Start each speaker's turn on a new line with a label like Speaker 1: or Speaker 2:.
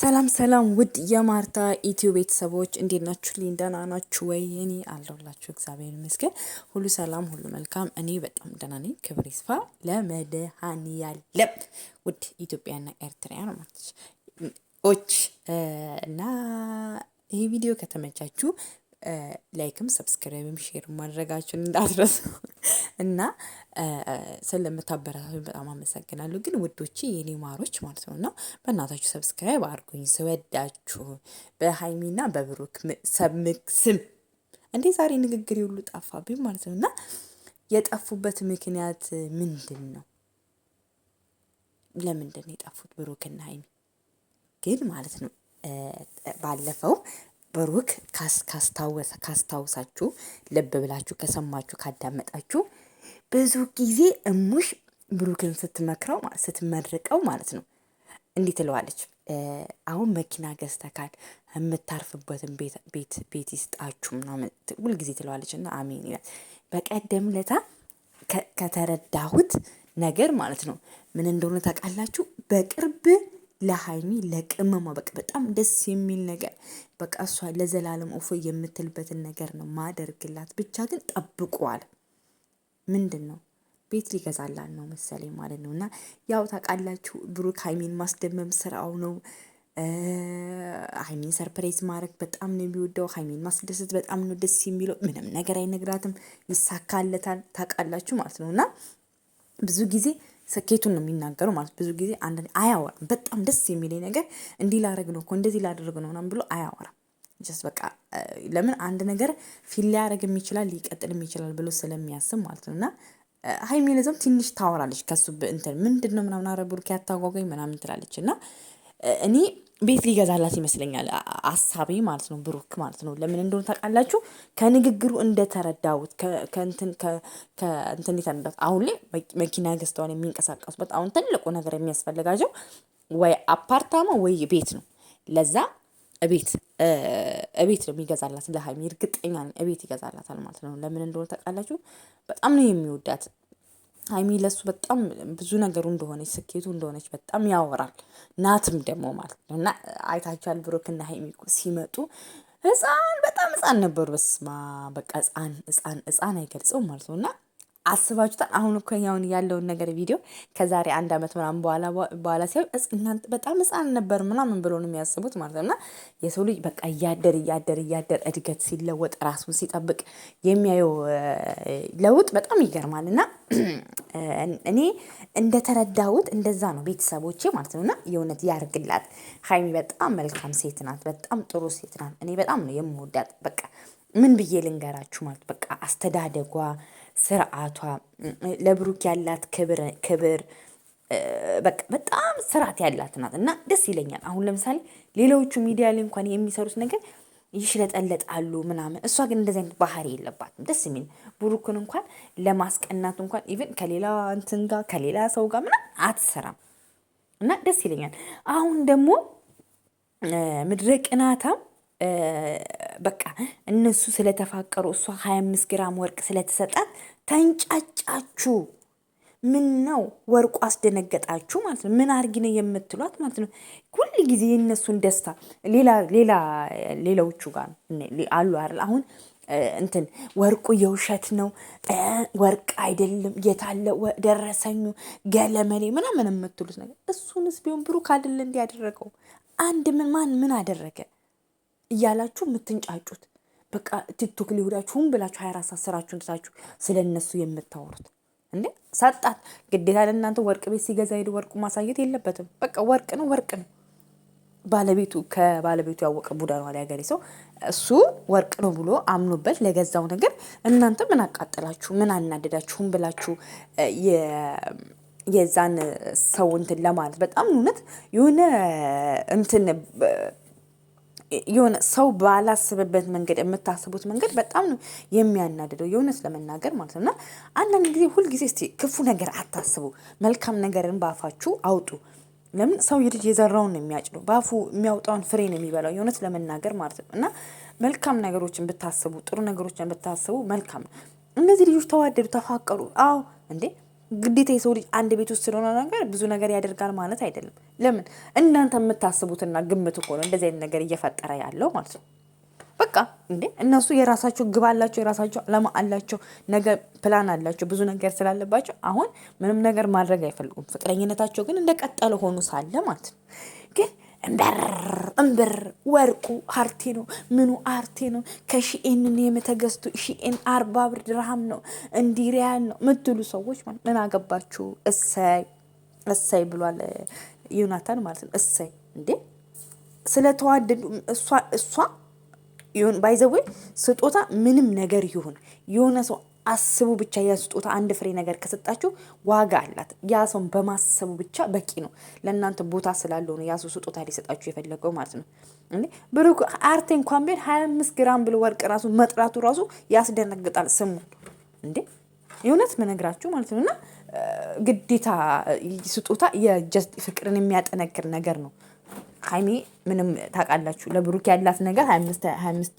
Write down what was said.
Speaker 1: ሰላም ሰላም ውድ የማርታ ኢትዮ ቤተሰቦች እንዴት ናችሁ? ደህና ናችሁ ወይ? እኔ አለሁላችሁ እግዚአብሔር ይመስገን፣ ሁሉ ሰላም፣ ሁሉ መልካም። እኔ በጣም ደህና ነኝ። ክብር ይስፋ ለመድኃኔዓለም። ውድ ኢትዮጵያና ኤርትራውያን ኦች እና ይህ ቪዲዮ ከተመቻችሁ ላይክም ሰብስክራይብም ሼር ማድረጋችሁን እንዳትረሱ እና ስለምታበረታቱኝ በጣም አመሰግናለሁ። ግን ውዶቼ የኔ ማሮች ማለት ነው እና በእናታችሁ ሰብስክራይብ አድርጉኝ። ስወዳችሁ በሀይሚና በብሩክ ሰብምክ ስም እንዴ ዛሬ ንግግር ሁሉ ጠፋብኝ ማለት ነው እና የጠፉበት ምክንያት ምንድን ነው? ለምንድን ነው የጠፉት ብሩክና ሀይሚ ግን ማለት ነው ባለፈው ብሩክ ካስታውሳችሁ ልብ ብላችሁ ከሰማችሁ ካዳመጣችሁ ብዙ ጊዜ እሙሽ ብሩክን ስትመክረው ስትመርቀው ማለት ነው እንዲህ ትለዋለች። አሁን መኪና ገዝተካል የምታርፍበትን ቤት ቤት ይስጣችሁ ምናምን ሁልጊዜ ትለዋለች እና አሜን ይላል። በቀደም ለታ ከተረዳሁት ነገር ማለት ነው ምን እንደሆነ ታውቃላችሁ በቅርብ ለሀይሚ ለቅመማ በቃ በጣም ደስ የሚል ነገር በቃ እሷ ለዘላለም እፎ የምትልበትን ነገር ነው ማደርግላት። ብቻ ግን ጠብቋል። ምንድን ነው ቤት ሊገዛላት ነው መሰለኝ ማለት ነው። እና ያው ታውቃላችሁ ብሩክ ሀይሚን ማስደመም ስራው ነው። ሀይሚን ሰርፕሬዝ ማድረግ በጣም ነው የሚወደው። ሀይሚን ማስደሰት በጣም ነው ደስ የሚለው። ምንም ነገር አይነግራትም፣ ይሳካለታል። ታውቃላችሁ ማለት ነው እና ብዙ ጊዜ ስኬቱን ነው የሚናገሩ ማለት ብዙ ጊዜ አንድ አያወራም። በጣም ደስ የሚለኝ ነገር እንዲህ ላደረግ ነው እኮ እንደዚህ ላደረግ ነው ምናምን ብሎ አያወራም። ጀስት በቃ ለምን አንድ ነገር ፊል ሊያደርግም ይችላል ሊቀጥልም ይችላል ብሎ ስለሚያስብ ማለት ነው። እና ሀይሚ ትንሽ ታወራለች ከሱ እንትን ምንድን ነው ምናምን አረ ብሩኬ አታጓጓኝ ምናምን ትላለች እና እኔ ቤት ሊገዛላት ይመስለኛል አሳቤ ማለት ነው። ብሩክ ማለት ነው። ለምን እንደሆነ ታውቃላችሁ? ከንግግሩ እንደተረዳሁት ከእንትን የተረዳሁት አሁን ላይ መኪና ገዝተዋን የሚንቀሳቀሱበት አሁን ትልቁ ነገር የሚያስፈልጋቸው ወይ አፓርታማ ወይ ቤት ነው። ለዛ እቤት እቤት ነው የሚገዛላት ለሀይሚ እርግጠኛ እቤት ይገዛላታል ማለት ነው። ለምን እንደሆነ ታውቃላችሁ? በጣም ነው የሚወዳት ሀይሚ ለሱ በጣም ብዙ ነገሩ እንደሆነች ስኬቱ እንደሆነች በጣም ያወራል። ናትም ደግሞ ማለት ነው እና አይታችኋል፣ ብሩክና ሀይሚ ሲመጡ ህፃን በጣም ህፃን ነበሩ። በስማ በቃ ህፃን ህፃን ህፃን አይገልጸው ማለት ነው እና አስባችሁታል? አሁን እኮ ያውን ያለውን ነገር ቪዲዮ ከዛሬ አንድ ዓመት ምናምን በኋላ ሲሆን እናንተ በጣም ህፃን ነበር ምናምን ብሎ ነው የሚያስቡት ማለት ነው። እና የሰው ልጅ በቃ እያደር እያደር እያደር እድገት ሲለወጥ ራሱን ሲጠብቅ የሚያየው ለውጥ በጣም ይገርማል። እና እኔ እንደተረዳሁት እንደዛ ነው ቤተሰቦቼ ማለት ነው። እና የእውነት ያርግላት። ሀይሚ በጣም መልካም ሴት ናት። በጣም ጥሩ ሴት ናት። እኔ በጣም ነው የምወዳት። በቃ ምን ብዬ ልንገራችሁ ማለት በቃ አስተዳደጓ ስርዓቷ፣ ለብሩክ ያላት ክብር በቃ በጣም ስርዓት ያላት ናት እና ደስ ይለኛል። አሁን ለምሳሌ ሌሎቹ ሚዲያ ላይ እንኳን የሚሰሩት ነገር ይሽለጠለጣሉ ምናምን፣ እሷ ግን እንደዚህ አይነት ባህሪ የለባትም። ደስ የሚል ብሩክን እንኳን ለማስቀናት እንኳን ኢቨን ከሌላ እንትን ጋር ከሌላ ሰው ጋር ምናምን አትሰራም እና ደስ ይለኛል። አሁን ደግሞ ምድረ ቅናታም በቃ እነሱ ስለተፋቀሩ እሷ ሀያ አምስት ግራም ወርቅ ስለተሰጣት ተንጫጫችሁ። ምን ነው ወርቁ አስደነገጣችሁ ማለት ነው። ምን አርጊ ነው የምትሏት ማለት ነው። ሁል ጊዜ የእነሱን ደስታ ሌላ ሌላ ሌላዎቹ ጋር አሉ አይደል? አሁን እንትን ወርቁ የውሸት ነው ወርቅ አይደለም፣ የታለ ደረሰኙ ገለመሌ ምናምን የምትሉት ነገር እሱንስ ቢሆን ብሩክ አይደለ እንዲያደረገው አንድ ምን ማን ምን አደረገ? እያላችሁ የምትንጫጩት በቃ ቲክቶክ ሊሁዳችሁም ብላችሁ ሀያ አራት ሰዓት ስራችሁን ትታችሁ ስለ እነሱ የምታወሩት እንዴ ሰጣት ግዴታ ለእናንተ ወርቅ ቤት ሲገዛ ሄድ ወርቁ ማሳየት የለበትም። በቃ ወርቅ ነው ወርቅ ነው። ባለቤቱ ከባለቤቱ ያወቀ ቡዳ ነው አለ ያገሬ ሰው። እሱ ወርቅ ነው ብሎ አምኖበት ለገዛው ነገር እናንተ ምን አቃጠላችሁ፣ ምን አናደዳችሁም ብላችሁ የዛን ሰው እንትን ለማለት በጣም እውነት የሆነ እንትን የሆነ ሰው ባላስብበት መንገድ የምታስቡት መንገድ በጣም ነው የሚያናድደው፣ የእውነት ለመናገር ማለት ነው። እና አንዳንድ ጊዜ ሁልጊዜ እስቲ ክፉ ነገር አታስቡ፣ መልካም ነገርን በአፋችሁ አውጡ። ለምን ሰው ልጅ የዘራውን ነው የሚያጭዱ፣ በአፉ የሚያወጣውን ፍሬ ነው የሚበላው፣ የእውነት ለመናገር ማለት ነው። እና መልካም ነገሮችን ብታስቡ፣ ጥሩ ነገሮችን ብታስቡ መልካም ነው። እነዚህ ልጆች ተዋደዱ፣ ተፋቀሩ። አዎ እንዴ ግዴታ የሰው ልጅ አንድ ቤት ውስጥ ስለሆነ ነገር ብዙ ነገር ያደርጋል ማለት አይደለም። ለምን እናንተ የምታስቡትና ግምት እኮ ነው እንደዚህ አይነት ነገር እየፈጠረ ያለው ማለት ነው። በቃ እንዴ እነሱ የራሳቸው ግብ አላቸው፣ የራሳቸው አላማ አላቸው፣ ነገ ፕላን አላቸው። ብዙ ነገር ስላለባቸው አሁን ምንም ነገር ማድረግ አይፈልጉም። ፍቅረኝነታቸው ግን እንደቀጠለ ሆኑ ሳለ ማለት ነው ግን እንበር እምበር ወርቁ አርቴ ነው፣ ምኑ አርቴ ነው። ከሺኤንን የመተገዝቱ ሺኤን አርባ ብር ድርሃም ነው፣ እንዲህ ሪያል ነው ምትሉ ሰዎች ምን አገባችሁ? እሰይ እሰይ ብሏል ዮናታን ማለት ነው። እሰይ እንዴ ስለተዋደዱ እሷ እሷ ባይዘዌ ስጦታ ምንም ነገር ይሁን የሆነ ሰው አስቡ ብቻ። ያን ስጦታ አንድ ፍሬ ነገር ከሰጣችሁ ዋጋ አላት። ያ ሰውን በማሰቡ ብቻ በቂ ነው። ለእናንተ ቦታ ስላለው ነው ያ ሰው ስጦታ ሊሰጣችሁ የፈለገው ማለት ነው። እንዴ ብሩክ አርቴ እንኳን ቢሆን ሀያ አምስት ግራም ብሎ ወርቅ ራሱ መጥራቱ ራሱ ያስደነግጣል። ስሙ እንዴ የእውነት መነግራችሁ ማለት ነው። እና ግዴታ ስጦታ የጀስት ፍቅርን የሚያጠነክር ነገር ነው። ሀይሜ ምንም ታውቃላችሁ፣ ለብሩክ ያላት ነገር ሀያ አምስት